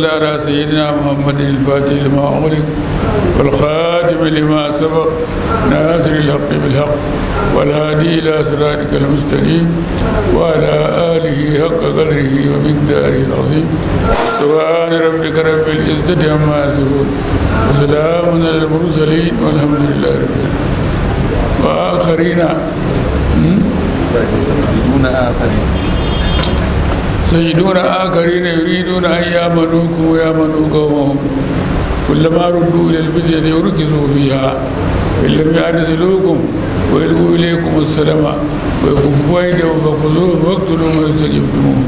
صل على سيدنا محمد الفاتح لما أغلق والخاتم لما سبق ناصر الحق بالحق والهادي إلى صراطك المستقيم وعلى آله حق قدره ومقداره العظيم سبحان ربك رب العزة عما يصفون وسلام على المرسلين والحمد لله رب العالمين وآخرين دون آخرين سيجدون آخرين يريدون أن يأمنوكم ويأمنوا قومهم كلما ردوا إلى الفتنة يركزوا فيها إن لم يعتزلوكم ويلقوا إليكم السلام ويكفوا أيديهم فخذوهم واقتلوهم ويستجبتموهم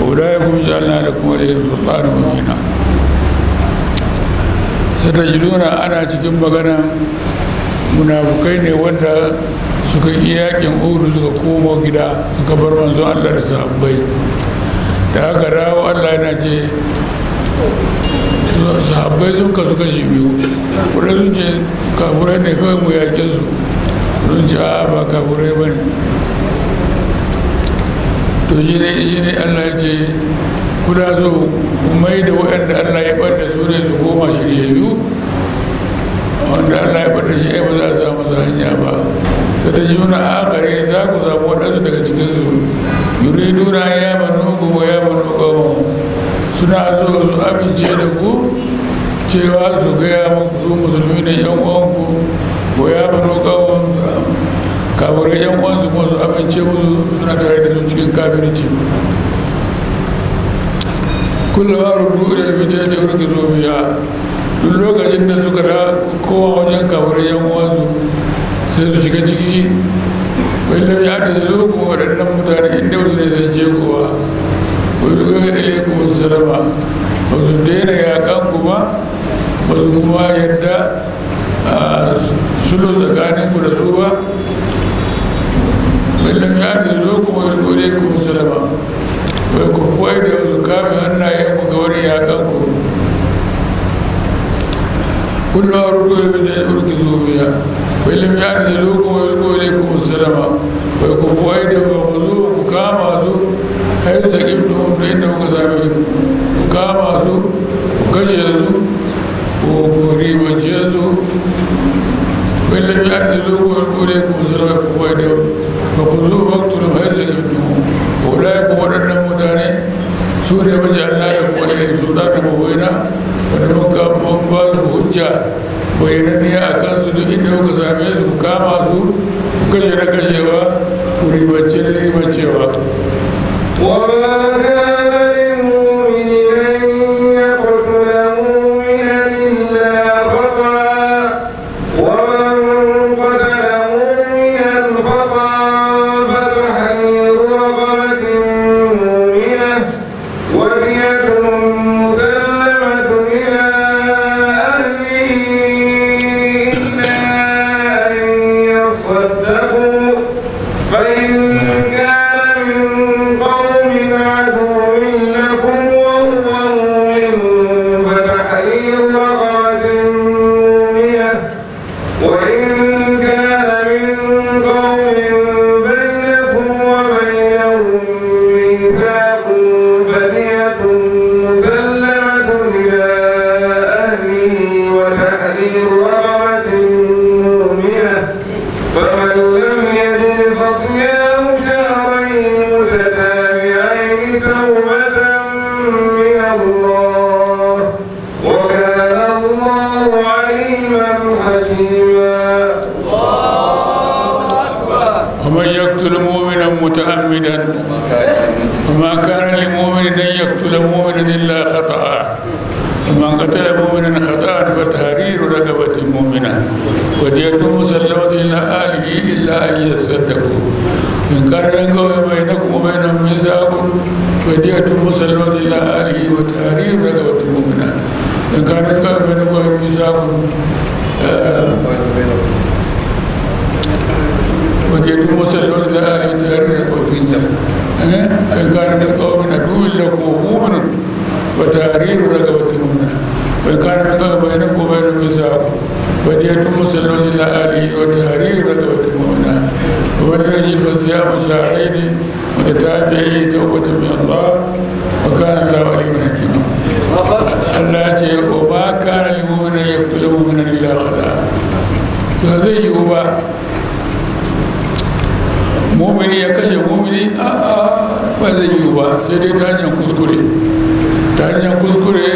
وأولئكم جعلنا لكم عليهم سلطانا مبينا satajiduna أنا cikin magana منافقين ne wanda إياك yi yakin uhud suka komo gida suka bar manzon da haka rawo allah yana ce sahabbai sun kasu kashi biyu kuma sun ce kafurai ne kawai mu yaƙe su sun ce a ba kafurai ba ne to shi ne shi ne allah ce kuna so mai da waɗanda allah ya da su ne su koma shirye biyu wanda allah ya bada shi ba za su masa hanya ba sai da juna ne za ku samu waɗansu daga yuri yuriduna ya manu ku ya manu ƙawon suna zo su amince da ku cewa su gaya muku su musulmi ne yan uwanku ko ya manu ƙawon kafirai yan uwansu kuma su amince musu suna tare da su cikin kafirci kullum rubu da fitar da urka zo biya duk lokacin da suka da kowa wajen kawar yan uwansu sai su shiga ciki wani ya ta zo ko waɗannan mutane inda wasu ne zai ce kowa wani kuma da ne kuma su raba ba su daina kan kuma ba su kuma yadda a sulhu tsakanin ku da su ba wani ya ta zo ko wani kuma ne kuma su raba wai ku fuwa da wasu kame hannayen ku ga wani yaƙan ku كلها اركوا بدل اركضوا بها فإن لم يعتزلوكم ويلقوا إليكم السلام ويكفوا أيديهم ويخذوكم كاماتوا حيث ثقفتموهم فإنه كتابهم وكاماتوا وكجلتوا وريبجلتوا فإن لم يعتزلوكم ويلقوا إليكم السلام ويكفوا أيديهم فخذوه واقتلوا حيث ثقفتموهم أولئك ولن مدانين سوريا وجعلنا لكم عليهم سلطانا مبينا ونمكا mun ba su hujja bayananniya a kansu duk inda kuka same su kama su kashe na kashewa ku ribance na ribancewa ba zai yi ba sai dai ta hanyar kuskure ta hanyar kuskure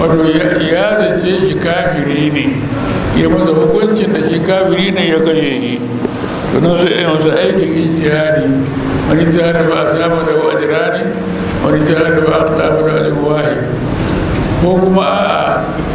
wato ya zace shi kafiri ne ya masa hukuncin da shi kafiri ne ya kai yi. kuma zai yi masa aikin ijtihadi wani jihar ba a samu da wajirani wani jihar ba a samu da wani ko kuma a'a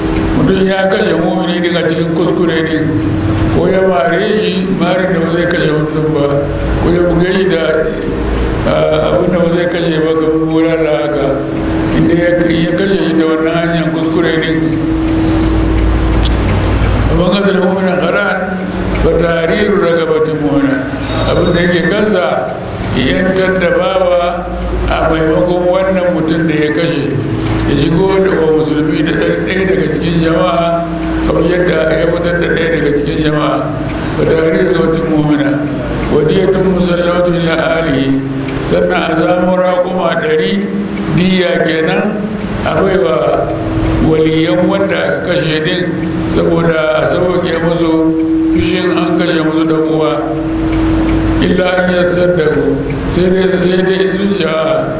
mutum ya kashe mumini daga cikin kuskure ne ko ya mare shi mara da ba zai kashe mutum ba ko ya buge shi da abin da ba zai kashe ba ga wurin da haka inda ya kashe shi da wannan hanyar kuskure ne amma da muminin haram ba tariru daga batun mumina abin da yake kansa yantar da bawa a maimakon wannan mutum da ya kashe ya shigo da wa musulmi da ɗaya daga cikin jama'a kamar yadda yi fitar da ɗaya daga cikin jama'a wa da zautin mu'mina wa diyatun musallatu ila alihi sannan a zamo raƙuma ɗari diya kenan a baiwa waliyan wanda aka kashe din saboda a sauke musu fushin an kashe musu da uwa illa an yi saddaku sai dai sai dai sun ja'a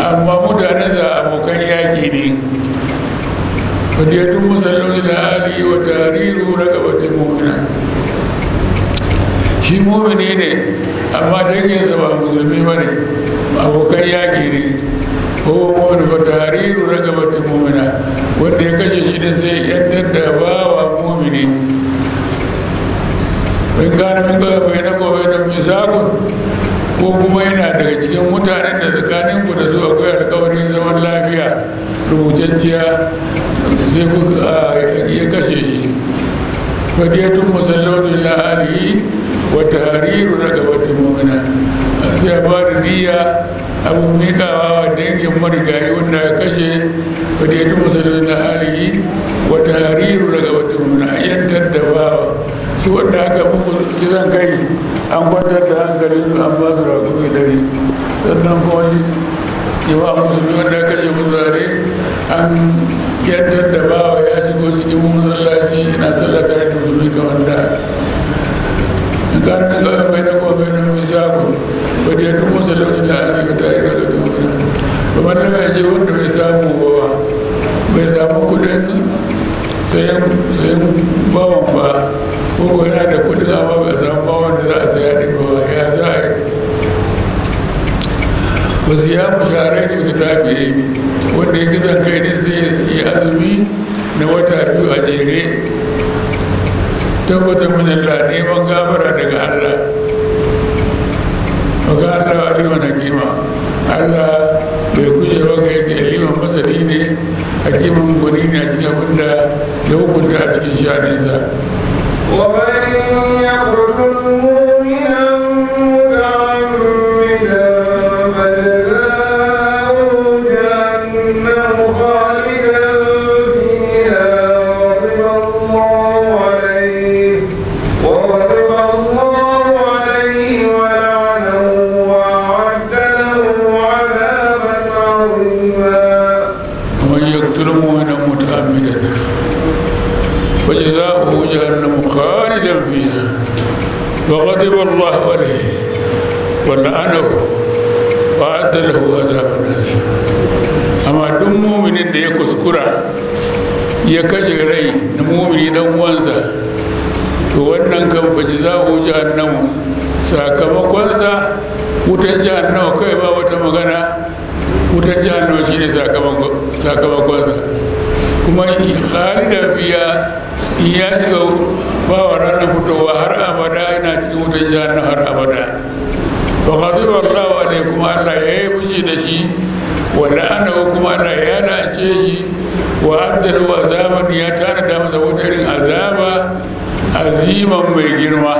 amma mutanensa abokan yaƙi ne fadiyatun da ali wa tariru gabatun mu'mina shi mu'mini ne amma danginsa ba musulmi ba ne abokan yaƙi ne kowa mumini fa tariru gabatun mu'mina wanda ya kashe shi ne sai yantar da bawa mu'mini in gane min ga bayyana ko bayyana misakun ko kuma yana daga cikin mutanen da tsakanin ku da zuwa akwai alkawarin zaman lafiya rubutacciya sai ku ya kashe shi fadiyatun musallautun la alihi wa na ragabatin mu'mina sai ba da niyya Abu abin miƙawa dangin marigayi wanda ya kashe wadda ya tuma salon na alihi wata hariru daga wata muna ayyantar da bawa su wanda aka muku kisan kai an kwantar da hankalin su an ba su rakumi dari sannan kuma shi ba musulmi wanda ya kashe musare an yantar da bawa ya shigo cikin musallaci ina sallah tare da musulmi kamar da tempo, sem bomba, o goiás jaza'u jahannamu sakamakonsa wutar jahannamu kai ba wata magana wutar ne shine sakamakonsa kuma khalida fiya in ya shiga ba wa ranar fitowa har abada yana cikin wutar jahannamu har abada ba ka zuwa rawa ne kuma Allah ya yi fushi da shi wa la'anahu kuma Allah ya la'ance shi wa addala azaban ya tana da masa wutar azaba aziman mai girma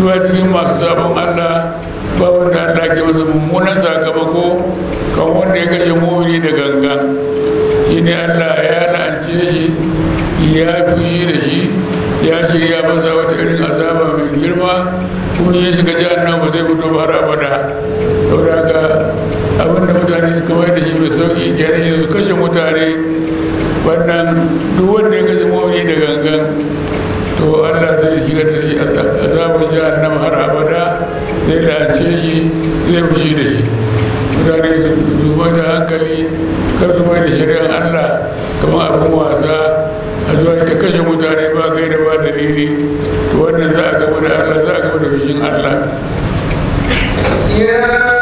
duwa cikin masu sabon allah ba wanda allah ke masa mummunan sakamako kan wanda ya kashe mumini da ganga shi ne allah ya la'ance shi ya fi da shi ya shirya masa wata irin azaba mai girma kuma ya shiga jihar ba zai fito ba da abada saboda haka abinda mutane suka mai da shi mai sauki kenan yanzu kashe mutane wannan duk wanda ya kashe mumini da ganga. to allah zai shiga da shi azabar jahannama har abada zai lance shi zai fushi da shi mutane su zuba da hankali kar su mai da shari'ar allah kamar abin wasa a zuwa ta kashe mutane ba kai da ba dalili wannan za a gama da allah za a gama da fushin allah Yeah.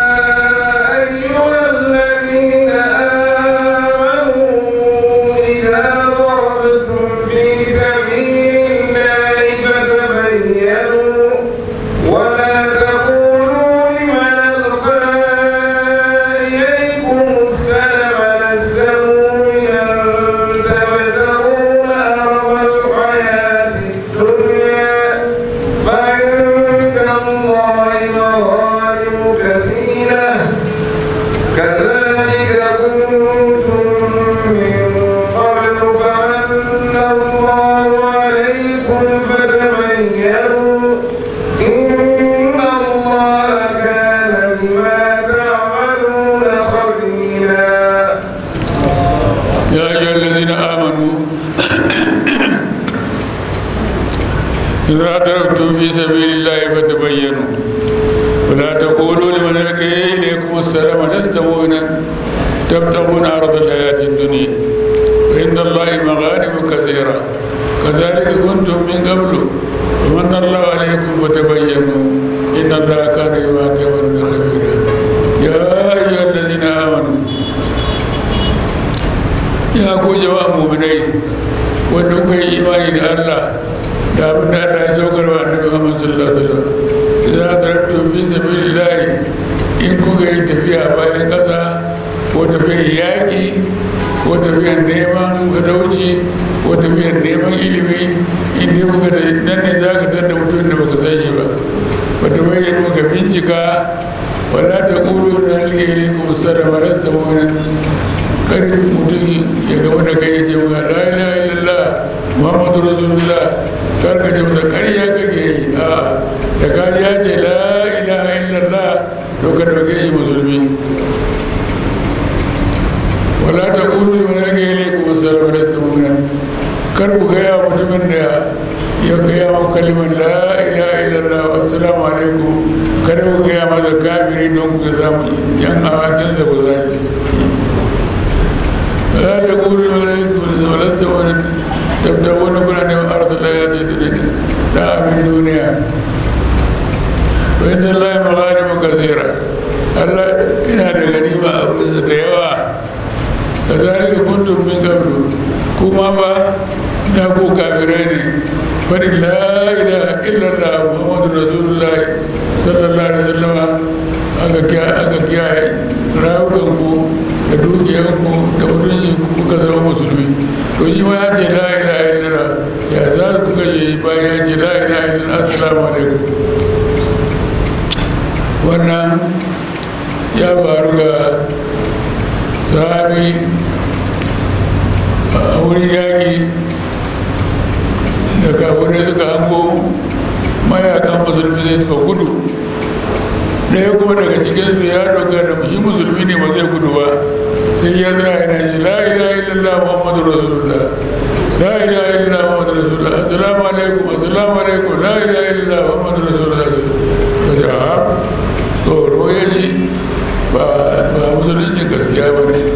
Gracias.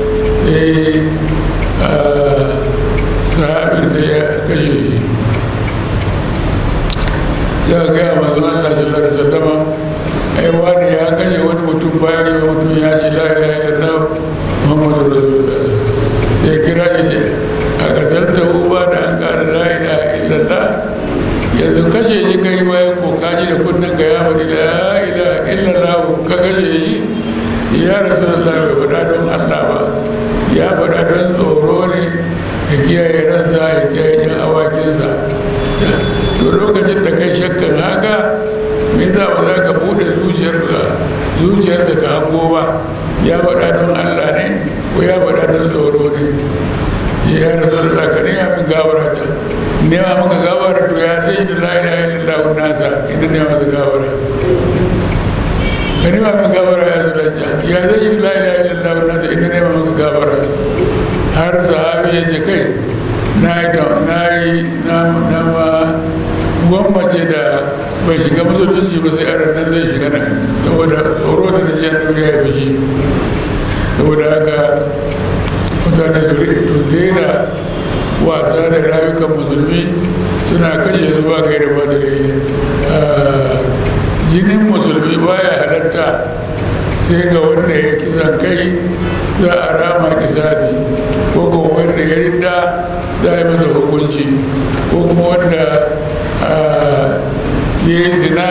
ये जिला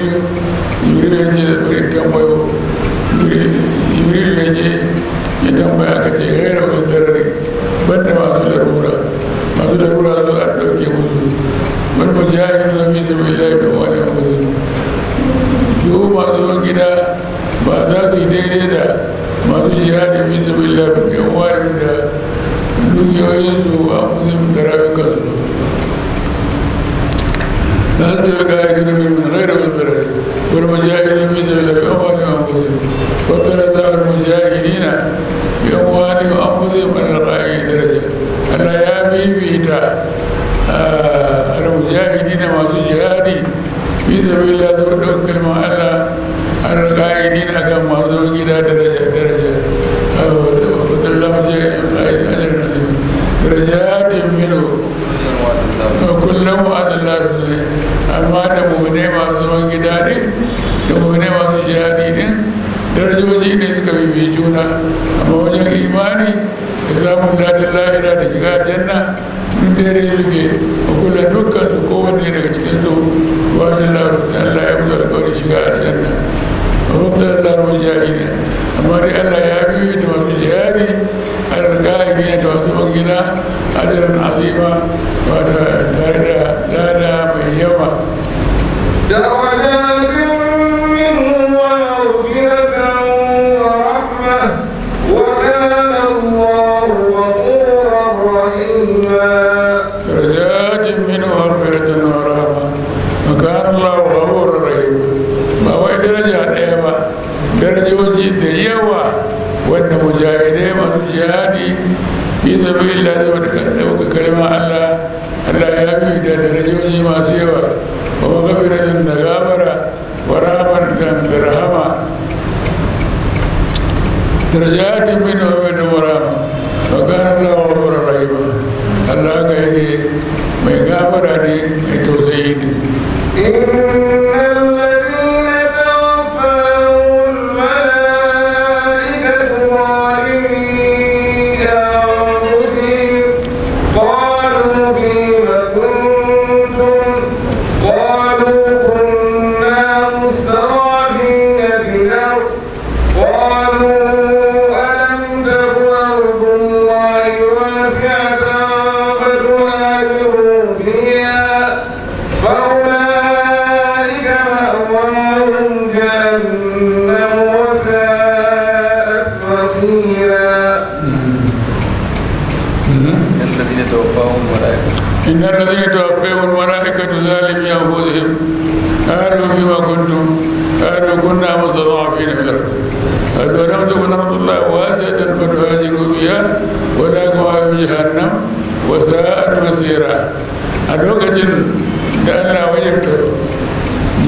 Jibril Jibril ya ce wurin tambayo Jibril ya je ya tambaya ka ce gaira wani dararin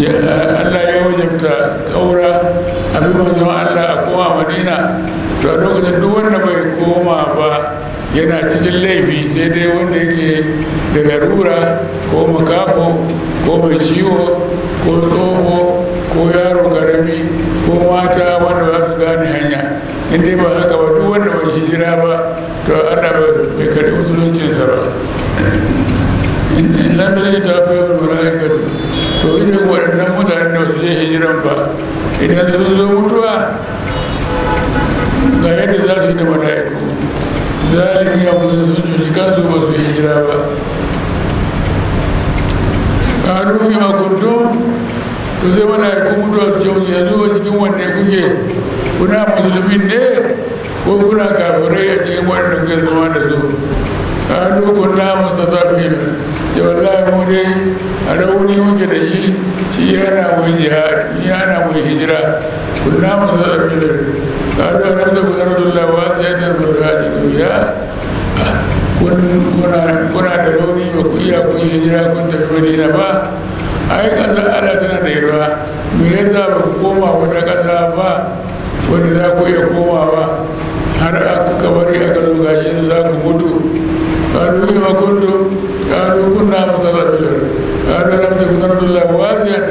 Allah ya wajabta ƙaura abin manzon Allah a koma madina to a lokacin duk wanda bai koma ba yana cikin laifi sai dai wanda yake da larura ko makafo ko mai ciwo ko tsoho ko yaro karami ko mata wanda ba su gane hanya in dai ba haka ba duk wanda bai hijira ba to Allah bai kare musuluncinsa ba in lamar fi wani to irin waɗannan mutanen da su je hijiran ba idan sun zo mutuwa ga yadda za su yi da mala'iku zalin ya musu sun cuci kansu ba su hijira ba ƙaru yi makuntum to sai mala'iku mutuwa cewa yanzu zo cikin wanne kuke kuna musulmin ne ko kuna kafirai a cikin waɗanda kuke zama da su ƙaru kunna mustafa fina ce wallahi mu dai a rauni muke da shi shi yana mu jihar yana hijira kunna mu da kalu a rabda ku zarar da ta da bulhaji kuna da rauni ba ku iya kun hijira kun tafi madina ba ai kasar ala tana da yarwa me yasa ba ku koma wata kasa ba wanda za ku iya komawa har aka kabari aka zo gashi za ku mutu kalu قالوا كنا مترجل قالوا لم تكن ارض الله واسعه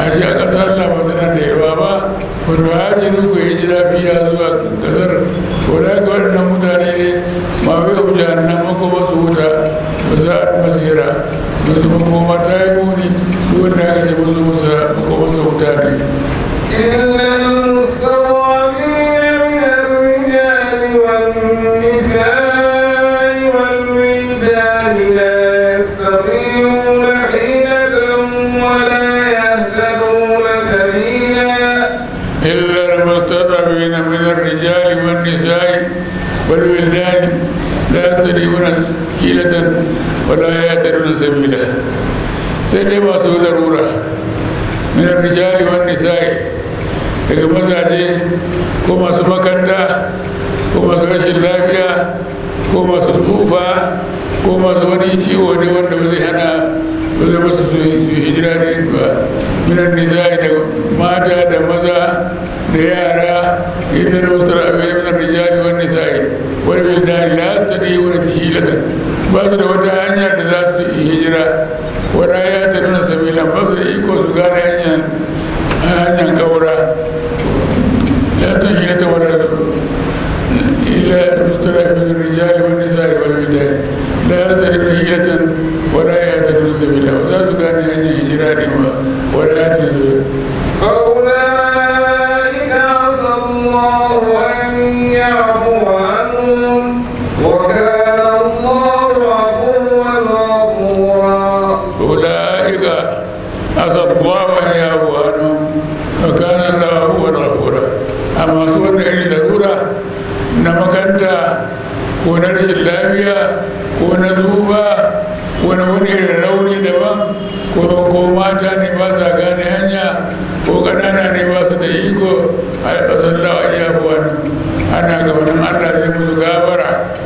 ashe a ƙasar Allah ba tana da yawa ba ku muhajirin ku yi jira biya zuwa ƙasar ko da ga waɗannan mutane ne ma bai ku jahannan mako masu wuta ba za a masira da su makoma ta yi muni wanda aka ce musu musa makoma sa wuta ne. fala ya ta sabila sai dai masu larura minar rijali wa nisa'i daga mazaje ko masu makanta ko masu rashin lafiya ko masu tsufa ko masu wani ciwo ne wanda ba zai hana ba zai masu su hijira ne ba minan nisa'i da mata da maza da yara yadda da musu ra'ayi minan rijali wa nisa'i wani bil dari ta ne wani tihilatar ba su da wata hanya da za su yi hijira wata ya ta nuna sabila ba su da iko su gane hanyar hanyar kawura ya ta hira ta wadar da ila mustara bin rijali wani sa'i wal bidai da ya ta nuna hijiratan wata ya ta nuna sabila ba za su gane hanyar hijira ne ba wata ya ta nuna أسأل الله أن يعفو عنهم وكان الله هو الغفور أما سوى إلى الأولى إنما كنت ko na zuba, ko na wani irin rauni daban ko ko mata ne ba sa gane hanya ko ƙanana ne ba su da iko a yi tsasallah a iya ana ga wani allah zai musu gabara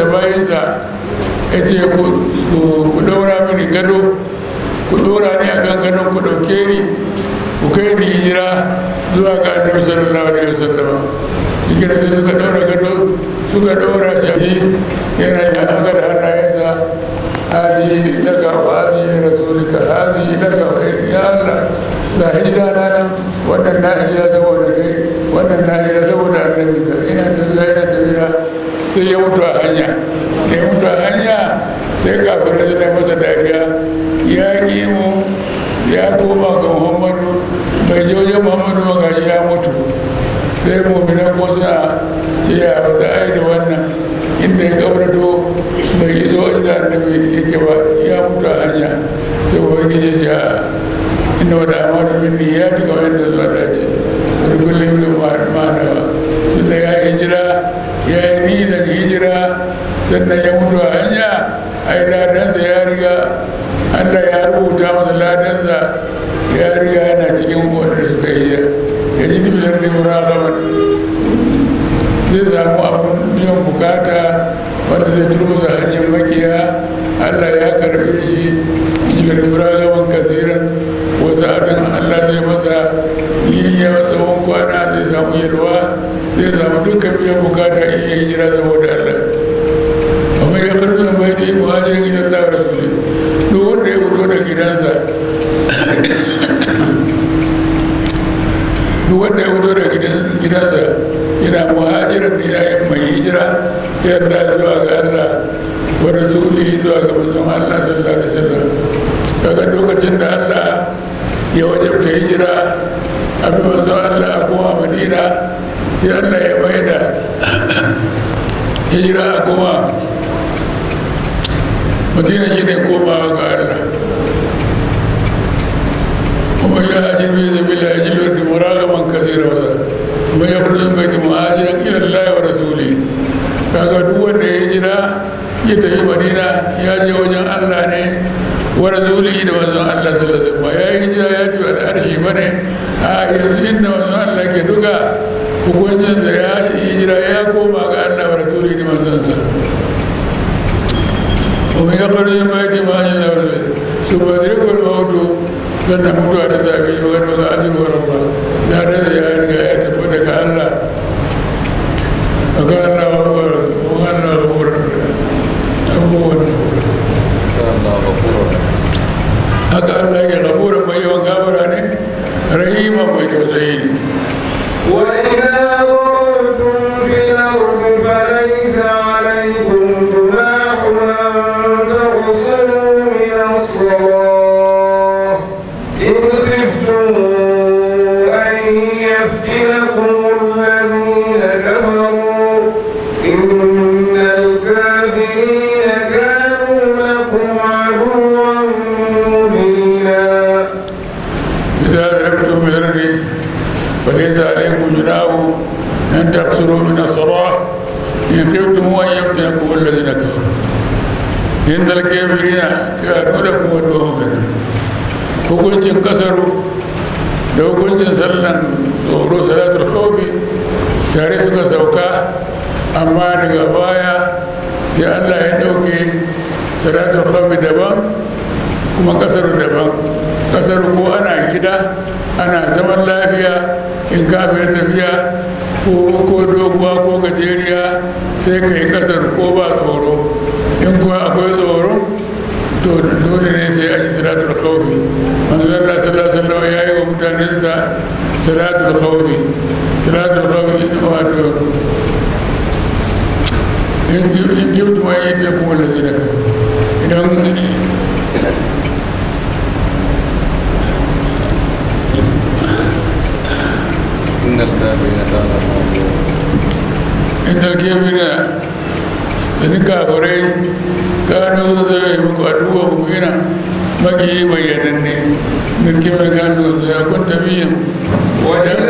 da bayansa ya ce ku daura mini gado ku daura ni a kan gado ku dauke ni ku kai ni hijira zuwa ga annabi sallallahu alaihi wasallam hijira sai suka daura gado suka daura shi yana yi haka da hannayensa hadi daga hadi da rasulika hadi daga ya Allah ga hijira na nan wannan na hijira saboda kai wannan na hijira saboda annabi ina tafiya ina tafiya sai ya mutu a hanya da ya mutu a hanya sai da zai masa dariya ya ki mu ya koma ga muhammadu mai je wajen muhammadu ba gashi ya mutu sai mummina ko suna ce ya wata ai da wannan inda ya kaurato bai iso inda annabi yake ba ya mutu a hanya sai ubangiji ya ce inda wata amadu ya ci kawai da zuwa dace da duk limlin ma'anawa da ya hijira ya yi nisan hijira sannan ya mutu a hanya yi ladansa ya riga allah ya rubuta masa ladansa ya riga yana cikin da suka yi ya yi dubilar da wura zaman zai samu abin biyan bukata wanda zai za hanyar makiya allah ya karbe shi jibirin wura zaman kasiran wasu abin allah zai masa yi ya tsawon kwana zai samu yalwa ya zama dukkan biyan bukata in yi hijira da Allah amma ya karfi na bai yi muhajirin gidan Allah rasuli duk wanda ya fito da gidansa duk wanda ya fito da gidansa yana muhajirin da ya yi mai hijira yadda zuwa ga Allah wa rasuli zuwa ga manzon Allah sallallahu alaihi wasallam daga lokacin da Allah ya wajabta hijira abin manzon Allah a kuma Madina yadda ya bai da hijira kuma madina shi ne komawa ga allah ومن يهاجر في سبيل الله يجد يرد مراغما كثيرا ومن يخرج من بيته مهاجرا الى الله ورسوله kaga duk wanda ya jira ya tafi madina ya je wajen allah ne wa rasuli da manzon allah sallallahu alaihi ya yi jira ya ji wa da arshi bane a yanzu inda manzon allah ke duka hukuncinsa ya hijira ya koma ga allah wa rasuli da manzansa kuma ya su ba zai mutuwa da zafi wani rabba ya rasa ya riga ya allah a ga mai yawan ne mai tausayi ne ƙasar cewa dole kuma tsohon garin hukuncin kasaru da hukuncin sallan tsoro salatul khawfi tare suka sauka amma daga baya sai allah ya ɗauke salatul khawfi daban kuma kasaru daban kasaru ko ana gida ana zaman lafiya in ka bai tafiya ko doguwa ko gajeriya sai ka yi kasar ko ba tsoro in kuwa akwai tsoro to dole ne sai an yi salatul khawfi manzo Allah sallallahu alaihi wasallam ya yi wa mutanensa salatul khawfi salatul khawfi wato in kyautu ma yi ta kuma lazi na kawai idan إن الكافرين su kafirai kanu zai muku aduwa kumina maki bayyananne mulkin kanu zai kunta biyan wajen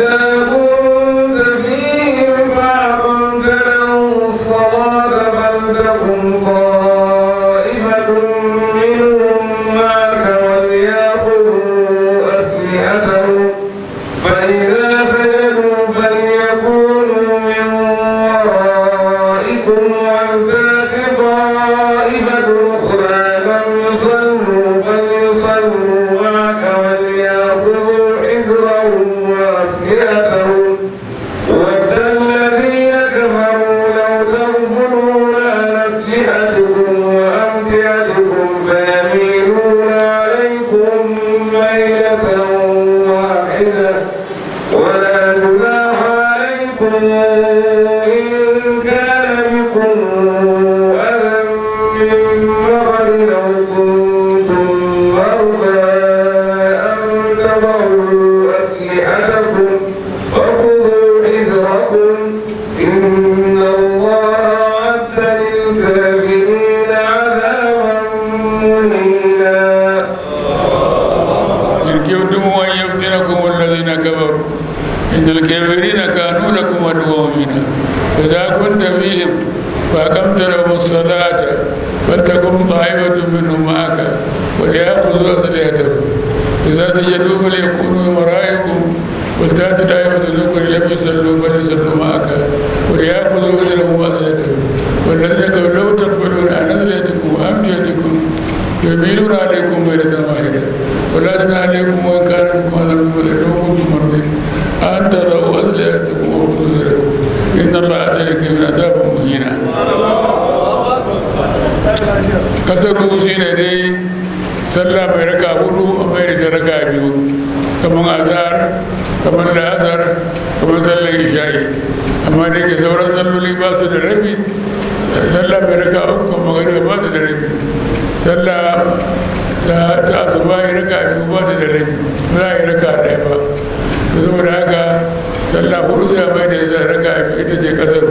ta ta ba yi raka biyu ba ta da rabi za a yi raka ɗaya ba ta saboda haka sallah hudu za mai da ya raka biyu ita ce kasar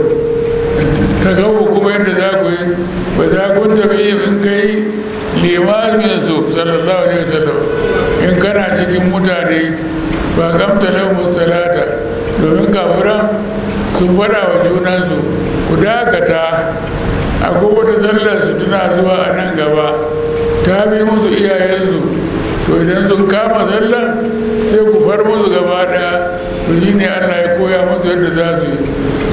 ta gabu kuma yadda za ku yi ba za ku tafi in kai limamin su sallallahu alaihi wasallam in kana cikin mutane ba kamta lahum salata domin kafura sun fada wa junansu ku dakata akwai wata sallar su tuna zuwa a nan gaba ta bi musu iyayensu to idan sun kama zalla sai ku far musu gaba ɗaya to yi ne allah ya koya musu yadda za su yi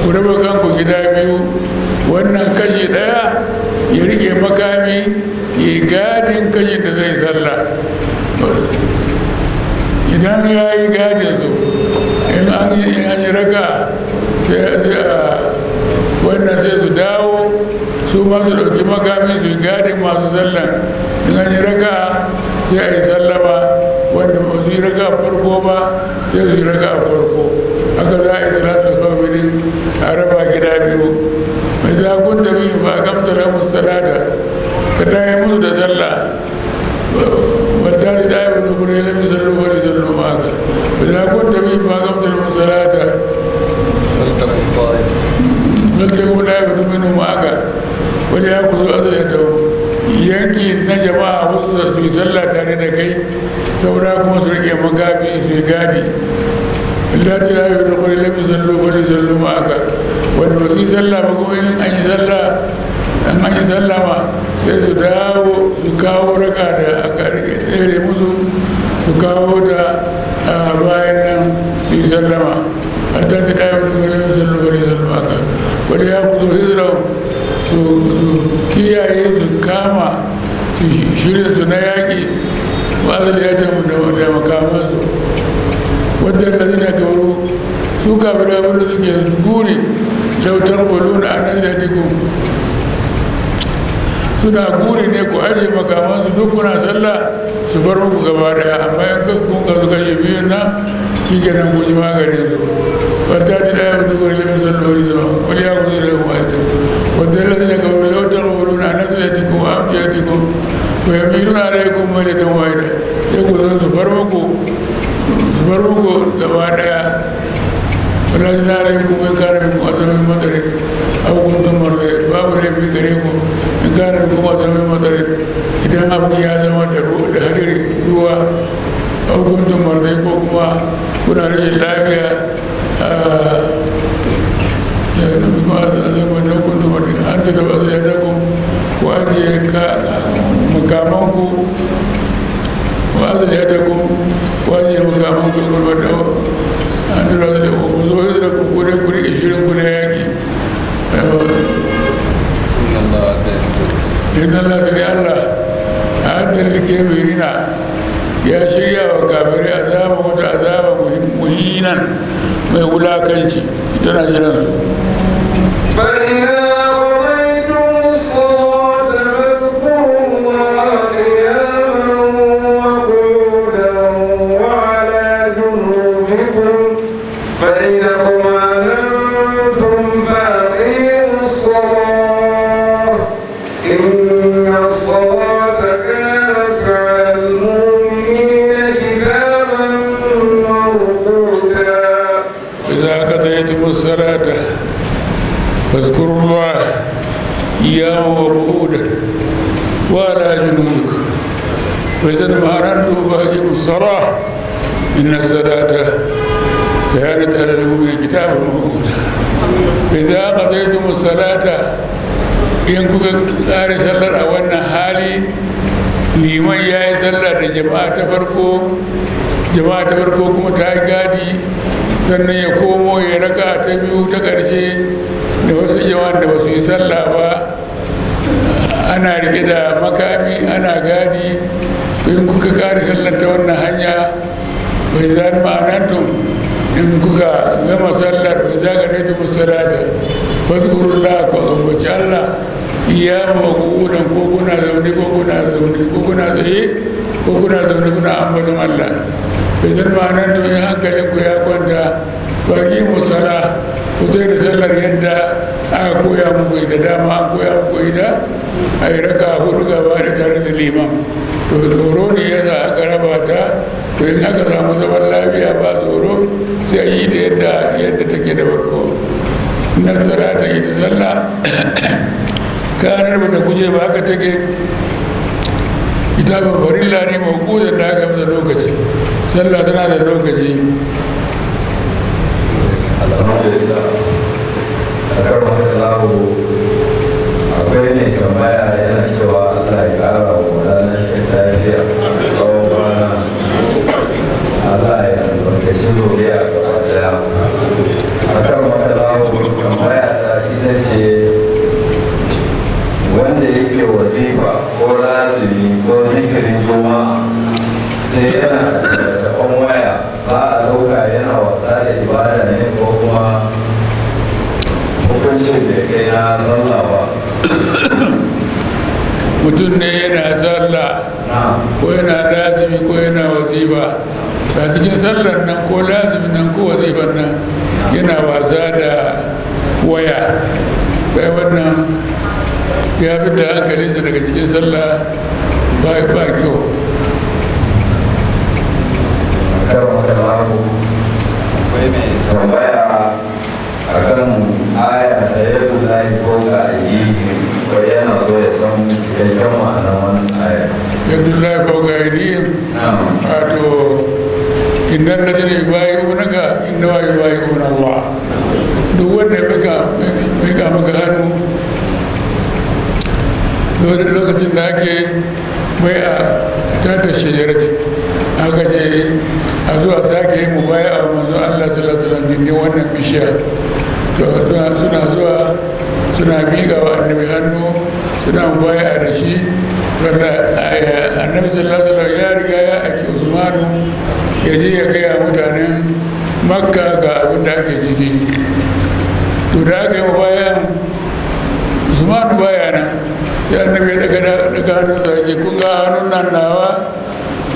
ku raba kanku gida biyu wannan kashi ɗaya ya rike makami ya gadin kashin da zai zalla idan ya yi gadin su in an yi raka sai a wannan sai su dawo su ma su ɗauki makamin su gadin masu sallah, in an yi raka sai a yi sallama wanda ba su yi raka farko ba sai su yi raka farko haka za a yi salatu kawai a raba gida biyu mai zagun da biyu ba gamta mu salata ka yi musu da sallah والدار دائما نقول لم يصلوا وليصلوا معك فإذا كنت بهم ما قمت لهم صلاة فلتكن طائفة فلتكن طائفة mu معك wani ya kuzo tawo yanki na jama'a wasu su yi sallah tare da kai saboda kuma su rike magabi su yi gadi lati ya yi rukuri lafi zallo wani zallo ma aka wanda wasu yi sallah ba kuma yin an yi sallah an an yi sallah ma sai su dawo su kawo raka da aka rike tsere musu su kawo da a bayan nan su yi sallama hatta ta dawo wani zallo wani zallo ma aka wani ya kuzo hijirau su kiyaye su kama su shirya su na yaƙi ma'azal ya ce mu da makamansu wadda da zina kabaru su kafin abin da suke guri lautar balon a nan da diku suna guri ne ku aje makamansu duk kuna sallah su bar muku gaba daya amma yankan kun ka suka yi biyu na shi kenan kun yi maganin su wata ta ɗaya wani gwari da sallori lori zama wani ya kuzi da kuma ita ود الذين كفروا لو تغفلون عن أسلحتكم وأمتعتكم ويميلون عليكم ملكا واحدا يقولون سبرمكم سبرمكم زوادا ولكن عليكم إن كان منكم أثر من مطر أو كنتم مرضى باب لهم في غريكم إن كان منكم أثر من مطر إذا أبقي هذا المطر لهدر جوا أو كنتم مرضى كما كنا رجل لا يا al'amari an ta da wasu ya dago wa ajiye ka makamanku wa ajiye ya dago wa ajiye makamanku gulbar da an ta da wasu da ku zo yi da kuku da kuri ishirin kuna yaƙi inna Allah sani Allah a haddar da ke birina ya shirya wa kafirai azaba wata azaba muhinan mai wulakanci tana jiransu الصلاة إن الصلاة كانت على المؤمن كتابا موجودا إذا قضيتم الصلاة in kuka kare sallar a wannan hali liman ya yi sallar da jama'a ta farko jama'a ta farko kuma ta gadi sannan ya komo ya raka ta biyu ta ƙarshe da wasu jama'a da ba su yi sallah ba ana rike da makami ana gadi in kuka ƙara sallata wannan hanya bai zan ma'anantum in kuka gama sallar bai za ka ne ta musara da ku ambaci allah iya ma kukunan ko kuna zaune ko kuna zaune ko kuna ko kuna zaune kuna allah bai zan ma'anantum in ya kwanta baki musala ku sai da sallar yadda aka koya muku da dama an koya muku da a yi raka hudu gaba da tare da liman to tsoro ne ya za a karaba ta to in aka samu zaman lafiya ba tsoro sai a yi ta yadda yadda take da farko nasara ta yi ta zalla karar ba ta guje ba haka take kitabin farilla ne mawkuzan da aka lokaci sallah tana da lokaci alhamdulillah a karfan da akwai ne tambaya da yana cewa allah ya kara wa wadannan shekara jiya tsawon bana allah ya albarkaci zuriya gaba daya a karfan da lamu tambaya ta ita ce wanda yake wasifa ko lazimi ko zikirin juma'a sai yana ɗauka yana wasa da ibada ne ko kuma hukuncin da kai na sallah ba mutum ne yana sallah ko yana lazimi ko yana waziba a cikin sallar nan ko lazimi nan ko wazifan nan yana wasa da waya bai wannan ya fi da hankalinsa daga cikin sallah ba kyau tabaraka tambaya akan aya ta yadda lahi ko ga yi ko yana so ya san cikakken ma'anar wannan aya yadda lahi ko ga ayyuki wato innan lajina yubayyi'unaka innawa yubayyi'una Allah duk wanda ya mika maka hannu lokacin da ake mai a tattar shajarati haka ne a zuwa sake yi mu baya a manzo allah sallallahu alaihi wasallam din wannan bishiya to suna zuwa suna miƙa wa annabi hannu suna baya a da shi wanda eh, annabi sallallahu alaihi ya riga ya ake usmanu ya je ya gaya mutanen makka ga abin da ake ciki to da aka yi wa baya usmanu baya nan sai annabi ya daga hannun sa ya ce kun ga hannun nan nawa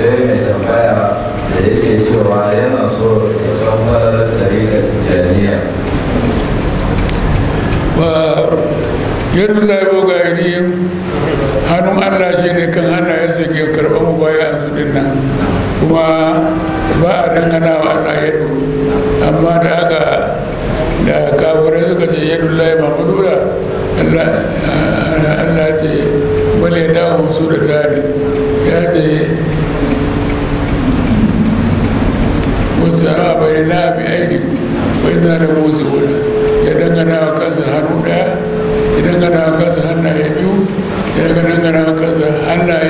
sai mai tambaya da yake cewa yana so ya san farar dariƙar jami'a yadda lai boga yi hannun allah shi ne kan karɓar su dinnan kuma ba a dangana wa allah amma da aka da kafirai suka ce yadu lai mamudura allah ce wale dawo su da tare ya ce السحاب إلا بأيديكم وإنا لموزعون يا دنگنا وكذا هنو دايا يا دنگنا وكذا هنا يبيو يا دنگنا وكذا هنا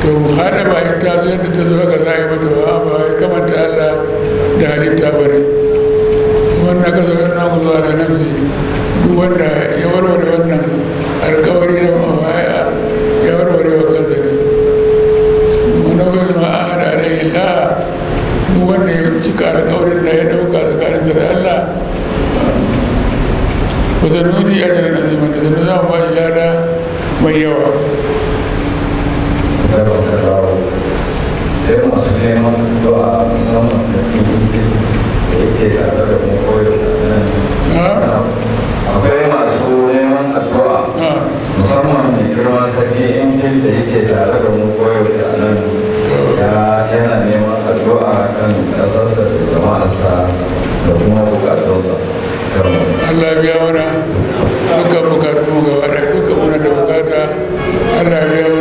to muhadaba in ta zo yadda ta zo haka za a yi ba ya kamata Allah da halitta ba wannan ka zo yana zuwa da nafsi duk wanda ya warware وسنؤتي أجرا عظيما سنزام إلانا من يوى sai masu neman doa musamman sabbin da yake tare da mu koyo akwai masu neman addu'a musamman mai girma sarki injil da yake tare da mu koyo da nan yana neman addu'a kan ƙasarsa da jama'arsa da kuma bukatunsa allah biya mana dukkan bukatu gaba da dukkan muna da bukata allah biya mana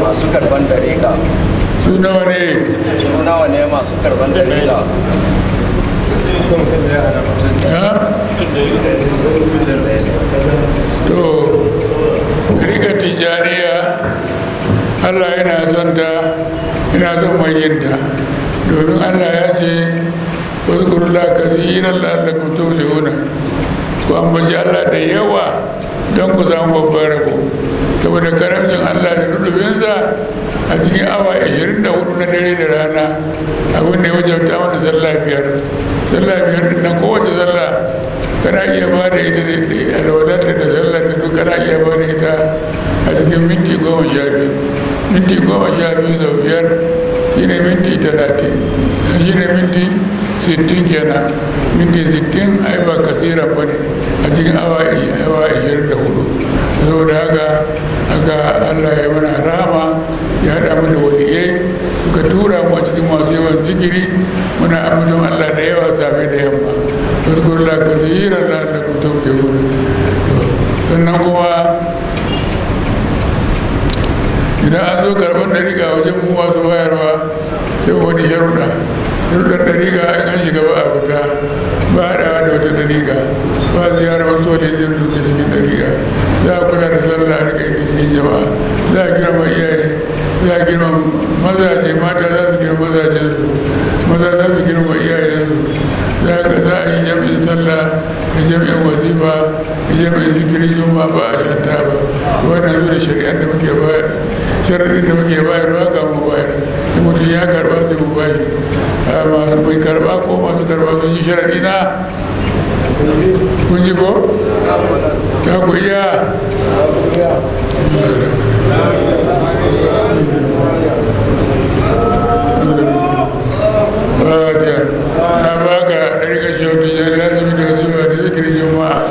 masu karban dariƙa su nawa ne su nawa ne masu karban dariƙa to dariƙa tijariya allah yana son ta yana son ta, domin allah ya ce wasu kurla kasiran la'allakum tuflihuna ku ambaci allah da yawa don ku samu babbar rabu saboda karamcin allah da lulubinsa a cikin awa 24 na dare da rana abin da ya wajabta mana sallah biyar sallah biyar din nan kowace sallah kana iya ba da ita da alwalarta da sallah ta duk kana iya ba da ita a cikin minti goma sha biyu minti goma sha biyu sau biyar shine minti talatin shine minti sittin kenan minti sittin ai ba kasiran ba ne a cikin awa ashirin da hudu saboda haka aka allah ya mana rama ya haɗa mu da waliyai suka tura mu a cikin masu yawan zikiri muna amincin allah da yawa safe da yamma wasu kurla kasiran ke wuri sannan kuma idan an zo karɓar ɗariƙa wajen mu masu bayarwa sai wani sharuɗa sharuɗar ɗariƙa an kan shiga ba a fita ba haɗawa da wata ɗariƙa ba yara wasu wani zai duka cikin ɗariƙa za a kula da sallah a riƙa da cikin jama'a za a girma iyaye za a girma mazaje mata za su girma mazajensu maza za su girma iyayensu za a yi jami'in sallah da jami'in wazifa da jami'in zikirin juma'a ba a shanta ba wannan zuwa shari'ar da muke bayar. sharaɗin da muke bayarwa ka mu bayar in mutum ya karba sai mu bashi masu bai eh, karba ko masu karba sun yi sharaɗi na kun ji ko ta ku iya ta baka ɗarkar shautu jan lazimi da zuwa